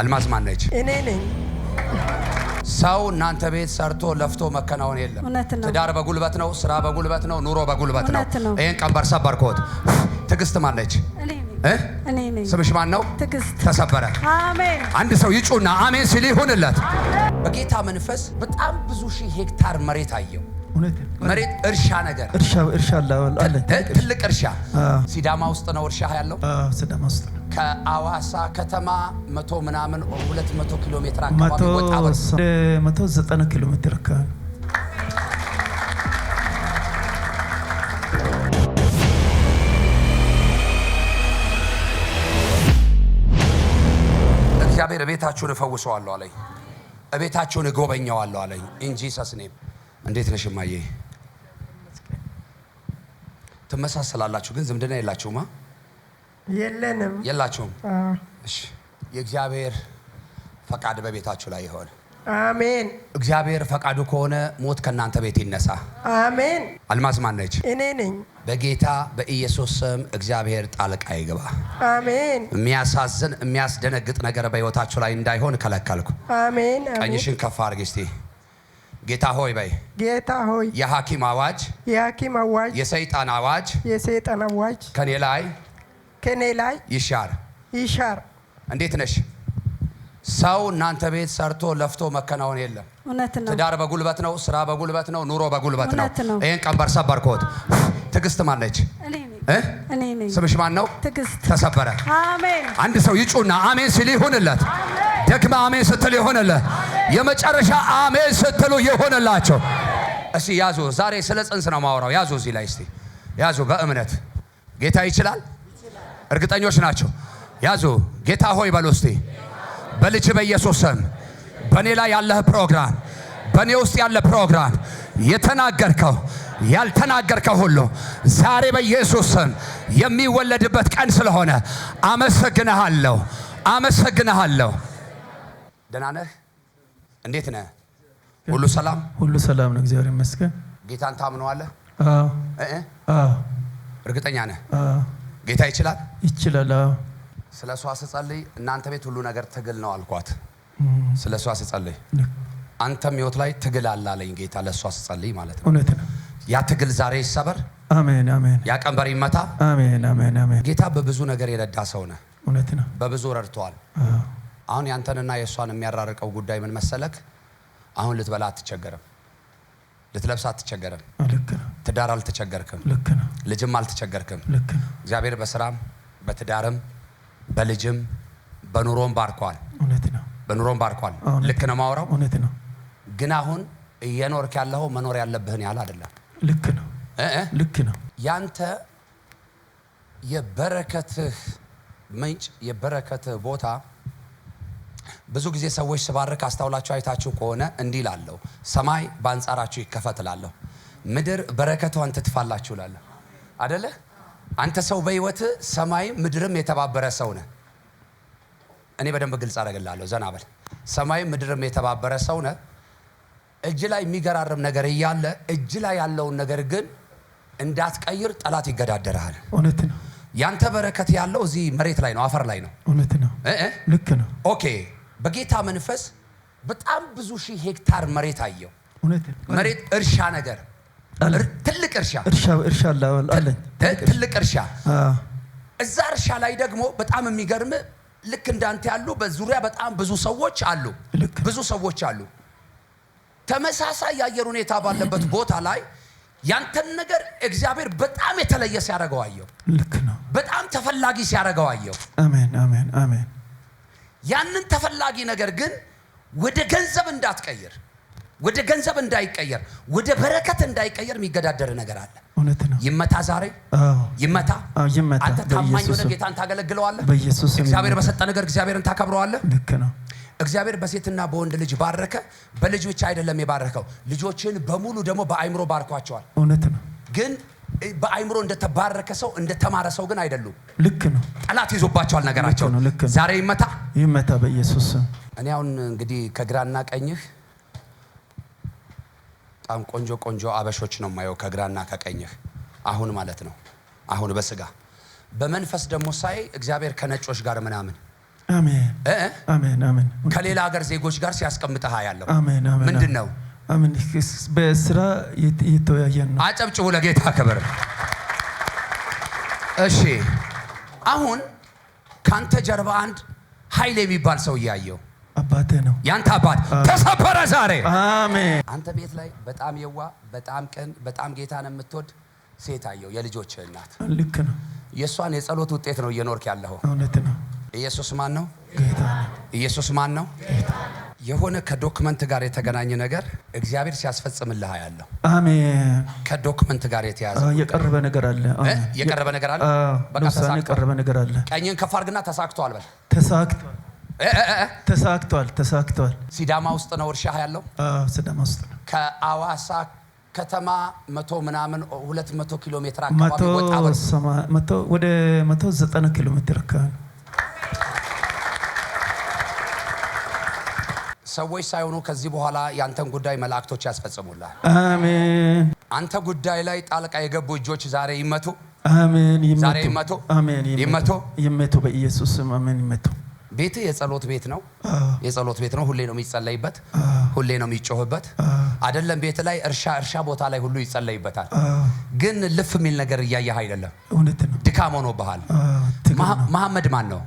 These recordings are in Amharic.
አልማዝ ማነች? እኔ ነኝ። ሰው እናንተ ቤት ሰርቶ ለፍቶ መከናወን የለም። ትዳር በጉልበት ነው፣ ስራ በጉልበት ነው፣ ኑሮ በጉልበት ነው። ይሄን ቀንበር ሰበርኩት። ትዕግስት ማነች? ስምሽ ማን ነው? ተሰበረ። አንድ ሰው ይጩና አሜን ሲል ይሁንለት። በጌታ መንፈስ በጣም ብዙ ሺህ ሄክታር መሬት አየው። መሬት እርሻ ነገር ትልቅ እርሻ ሲዳማ ውስጥ ነው እርሻ ያለው ሲዳማ ውስጥ ከአዋሳ ከተማ መቶ ምናምን ሁለት መቶ ኪሎ ሜትር አካባቢ ወጣ መቶ ዘጠና ኪሎ ሜትር አካባቢ እግዚአብሔር እቤታችሁን እፈውሰዋለሁ አለኝ። እቤታችሁን እጎበኘዋለሁ አለኝ። ኢንጂሰስ ኔም። እንዴት ነሽ እማዬ? ትመሳሰላላችሁ ግን ዝምድና የላችሁማ የለንም የላችሁም። እሺ የእግዚአብሔር ፈቃድ በቤታችሁ ላይ ይሆን። አሜን። እግዚአብሔር ፈቃዱ ከሆነ ሞት ከእናንተ ቤት ይነሳ። አሜን። አልማዝ ማነች? እኔ ነኝ። በጌታ በኢየሱስ ስም እግዚአብሔር ጣልቃ ይግባ። አሜን። የሚያሳዝን የሚያስደነግጥ ነገር በሕይወታችሁ ላይ እንዳይሆን ከለከልኩ። አሜን። ቀኝሽን ከፍ አድርጊ እስቲ። ጌታ ሆይ በይ። ጌታ ሆይ የሐኪም አዋጅ የሐኪም አዋጅ የሰይጣን አዋጅ የሰይጣን አዋጅ ከኔ ላይ ከኔ ላይ ይሻር ይሻር። እንዴት ነሽ? ሰው እናንተ ቤት ሰርቶ ለፍቶ መከናወን የለም። ትዳር በጉልበት ነው፣ ስራ በጉልበት ነው፣ ኑሮ በጉልበት ነው። ይህን ቀንበር ሰበርኩት። ትዕግስት ማነች? ስምሽ ማን ነው? ተሰበረ። አንድ ሰው ይጩና አሜን ሲል ይሁንለት። ደግማ አሜን ስትል ይሁንለት። የመጨረሻ አሜን ስትሉ ይሁንላቸው። እስቲ ያዙ። ዛሬ ስለ ጽንስ ነው ማወራው። ያዙ፣ እዚህ ላይ እስቲ ያዙ። በእምነት ጌታ ይችላል። እርግጠኞች ናቸው። ያዙ። ጌታ ሆይ በሉ እስቲ በልጅ በኢየሱስ ስም በእኔ ላይ ያለህ ፕሮግራም፣ በእኔ ውስጥ ያለ ፕሮግራም የተናገርከው ያልተናገርከው ሁሉ ዛሬ በኢየሱስ ስም የሚወለድበት ቀን ስለሆነ አመሰግንሃለሁ፣ አመሰግንሃለሁ። ደህና ነህ? እንዴት ነህ? ሁሉ ሰላም፣ ሁሉ ሰላም ነው። እግዚአብሔር ይመስገን። ጌታን ታምነዋለህ? እርግጠኛ ነህ? ጌታ ይችላል ይችላል። ስለ እሷ ስጸልይ እናንተ ቤት ሁሉ ነገር ትግል ነው አልኳት። ስለ እሷ ስጸልይ አንተም ህይወት ላይ ትግል አለ አለኝ ጌታ። ለእሷ ስጸልይ ማለት ነው። እውነት ነው። ያ ትግል ዛሬ ይሰበር። አሜን አሜን። ያ ቀንበር ይመታ። አሜን አሜን አሜን። ጌታ በብዙ ነገር የረዳ ሰው ነህ። እውነት ነው። በብዙ ረድተዋል። አሁን ያንተንና የእሷን የሚያራርቀው ጉዳይ ምን መሰለክ? አሁን ልትበላ አትቸገርም፣ ልትለብስ አትቸገርም። ትዳር አልተቸገርክም። ልክ ነው። ልጅም አልተቸገርክም። ልክ ነው። እግዚአብሔር በስራም በትዳርም በልጅም በኑሮም ባርኳል። እውነት ነው። በኑሮም ባርኳል። ልክ ነው ማውራው እውነት ነው። ግን አሁን እየኖርክ ያለው መኖር ያለብህን ያህል አይደለም። ልክ ነው። ልክ ነው። ያንተ የበረከትህ ምንጭ የበረከትህ ቦታ ብዙ ጊዜ ሰዎች ስባርክ አስተውላችሁ አይታችሁ ከሆነ እንዲህ ላለሁ ሰማይ በአንጻራችሁ ይከፈትላለሁ ምድር በረከቷን ትትፋላችሁ እላለሁ አደለ? አንተ ሰው በህይወት ሰማይ ምድርም የተባበረ ሰው ነህ። እኔ በደንብ ግልጽ አደረግላለሁ። ዘና በል። ሰማይ ምድርም የተባበረ ሰው ነህ። እጅ ላይ የሚገራርም ነገር እያለ እጅ ላይ ያለውን ነገር ግን እንዳትቀይር ጠላት ይገዳደርሃል። እውነት ነው። ያንተ በረከት ያለው እዚህ መሬት ላይ ነው፣ አፈር ላይ ነው። እውነት ነው። ልክ ነው። ኦኬ። በጌታ መንፈስ በጣም ብዙ ሺህ ሄክታር መሬት አየው። መሬት እርሻ ነገር ትልቅ እርሻ እርሻ አለኝ። ትልቅ እርሻ እዛ እርሻ ላይ ደግሞ በጣም የሚገርም ልክ እንዳንተ ያሉ በዙሪያ በጣም ብዙ ሰዎች አሉ። ብዙ ሰዎች አሉ። ተመሳሳይ የአየር ሁኔታ ባለበት ቦታ ላይ ያንተን ነገር እግዚአብሔር በጣም የተለየ ሲያደርገው አየሁ። ልክ ነው። በጣም ተፈላጊ ሲያደርገው አየሁ። አሜን፣ አሜን፣ አሜን። ያንን ተፈላጊ ነገር ግን ወደ ገንዘብ እንዳትቀይር ወደ ገንዘብ እንዳይቀየር ወደ በረከት እንዳይቀየር የሚገዳደር ነገር አለ። እውነት ነው። ይመታ፣ ዛሬ ይመታ። አንተ ታማኝ ሆነ ጌታን ታገለግለዋለህ። እግዚአብሔር በሰጠ ነገር እግዚአብሔርን ታከብረዋለህ። ልክ ነው። እግዚአብሔር በሴትና በወንድ ልጅ ባረከ። በልጅ ብቻ አይደለም የባረከው፣ ልጆችን በሙሉ ደግሞ በአይምሮ ባርኳቸዋል። እውነት ነው። ግን በአይምሮ እንደተባረከ ሰው እንደተማረ ሰው ግን አይደሉም። ልክ ነው። ጠላት ይዞባቸዋል ነገራቸው። ዛሬ ይመታ፣ ይመታ በኢየሱስ እኔ አሁን እንግዲህ ከግራና ቀኝህ በጣም ቆንጆ ቆንጆ አበሾች ነው የማየው ከግራና ከቀኝህ። አሁን ማለት ነው አሁን በስጋ በመንፈስ ደግሞ ሳይ እግዚአብሔር ከነጮች ጋር ምናምን ከሌላ ሀገር ዜጎች ጋር ሲያስቀምጠህ ያለው ምንድን ነው? በስራ የተወያየን ነው። አጨብጭቡ ለጌታ ክብር። እሺ አሁን ካንተ ጀርባ አንድ ኃይል የሚባል ሰው እያየው አባቴ ነው ያንተ አባት ተሰበረ ዛሬ። አሜን። አንተ ቤት ላይ በጣም የዋ በጣም ቅን በጣም ጌታን የምትወድ ሴት አየው። የልጆች እናት ልክ ነው። የእሷን የጸሎት ውጤት ነው እየኖርክ ያለው። እውነት ነው። ኢየሱስ ማን ነው? ጌታ ነው። ኢየሱስ ማን ነው? ጌታ ነው። የሆነ ከዶክመንት ጋር የተገናኘ ነገር እግዚአብሔር ሲያስፈጽምልህ ያለው። አሜን። ከዶክመንት ጋር የተያዘ የቀረበ ነገር አለ። የቀረበ ነገር አለ። በቃ የቀረበ ነገር አለ። ቀኝን ከፍ አድርግና ተሳክቷል በል። ተሳክቷል ተሳክቷል፣ ተሳክቷል። ሲዳማ ውስጥ ነው እርሻ ያለው። ሲዳማ ውስጥ ነው። ከአዋሳ ከተማ መቶ ምናምን ሁለት መቶ ኪሎ ሜትር አካባቢ ወደ መቶ ዘጠና ኪሎ ሜትር አካባቢ ሰዎች ሳይሆኑ ከዚህ በኋላ የአንተን ጉዳይ መላእክቶች ያስፈጽሙላል። አሜን። አንተ ጉዳይ ላይ ጣልቃ የገቡ እጆች ዛሬ ይመቱ። አሜን። ይመቱ፣ ይመቱ፣ ይመቱ በኢየሱስ ስም አሜን፣ ይመቱ። ቤት የጸሎት ቤት ነው። የጸሎት ቤት ነው። ሁሌ ነው የሚጸለይበት፣ ሁሌ ነው የሚጮህበት። አይደለም ቤት ላይ እርሻ እርሻ ቦታ ላይ ሁሉ ይጸለይበታል። ግን ልፍ የሚል ነገር እያየህ አይደለም። ድካም ሆኖብሃል። መሐመድ ማን ነው?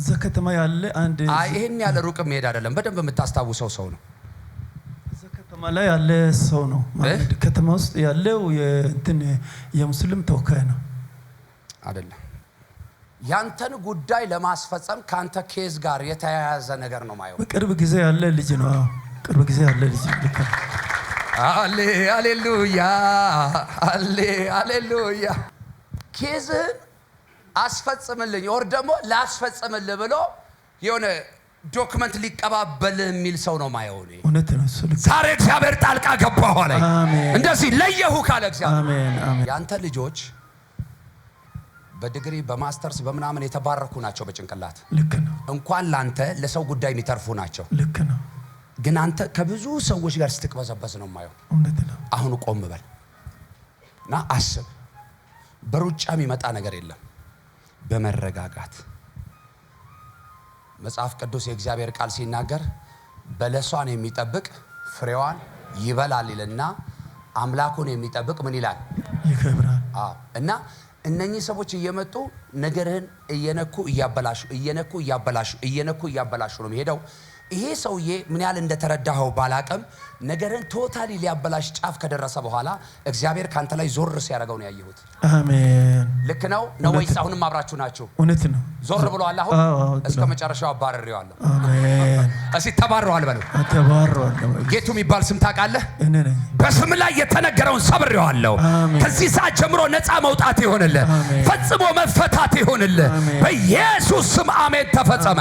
እዛ ከተማ ያለ አንድ ይህን ያለ ሩቅ መሄድ አይደለም። በደንብ የምታስታውሰው ሰው ነው። እዛ ከተማ ላይ ያለ ሰው ነው። ከተማ ውስጥ ያለው የእንትን የሙስሊም ተወካይ ነው አይደለም ያንተን ጉዳይ ለማስፈጸም ከአንተ ኬዝ ጋር የተያያዘ ነገር ነው ማየው። በቅርብ ጊዜ ያለ ልጅ ነው። ቅርብ ጊዜ ያለ ልጅ አሌ አሌሉያ፣ አሌሉያ። ኬዝህን አስፈጽምልኝ ወር ደግሞ ላስፈጽምልህ ብሎ የሆነ ዶክመንት ሊቀባበል የሚል ሰው ነው ማየው። ዛሬ እግዚአብሔር ጣልቃ ገባኋ ላይ እንደዚህ ለየሁ ካለ እግዚአብሔር ያንተ ልጆች በድግሪ በማስተርስ በምናምን የተባረኩ ናቸው። በጭንቅላት ልክ ነው። እንኳን ላንተ ለሰው ጉዳይ የሚተርፉ ናቸው። ልክ ነው። ግን አንተ ከብዙ ሰዎች ጋር ስትቅበዘበዝ ነው የማየው። እውነት ነው። አሁን ቆም በል እና አስብ። በሩጫ የሚመጣ ነገር የለም፣ በመረጋጋት መጽሐፍ ቅዱስ የእግዚአብሔር ቃል ሲናገር በለሷን የሚጠብቅ ፍሬዋን ይበላል ይልና አምላኩን የሚጠብቅ ምን ይላል? ይከብራል እና እነኚህ ሰዎች እየመጡ ነገርህን እየነኩ እያበላሹ እየነኩ እያበላሹ እየነኩ እያበላሹ ነው ሄደው። ይሄ ሰውዬ ምን ያህል እንደተረዳኸው ባላቅም ነገርን ቶታሊ ሊያበላሽ ጫፍ ከደረሰ በኋላ እግዚአብሔር ካንተ ላይ ዞር ሲያደርገው ነው ያየሁት። አሜን። ልክ ነው ነው ወይስ አሁንም አብራችሁ ናችሁ? እውነት ነው። ዞር ብሏል። አሁን እስከ መጨረሻው አባረሬዋለሁ። አሜን። እስኪ ተባረዋል በለው። ጌቱ የሚባል ስም ታውቃለህ? በስም ላይ የተነገረውን ሰብሬዋለሁ። ከዚህ ሰዓት ጀምሮ ነፃ መውጣት ይሆንልህ፣ ፈጽሞ መፈታት ይሆንልህ በኢየሱስ ስም አሜን። ተፈጸመ።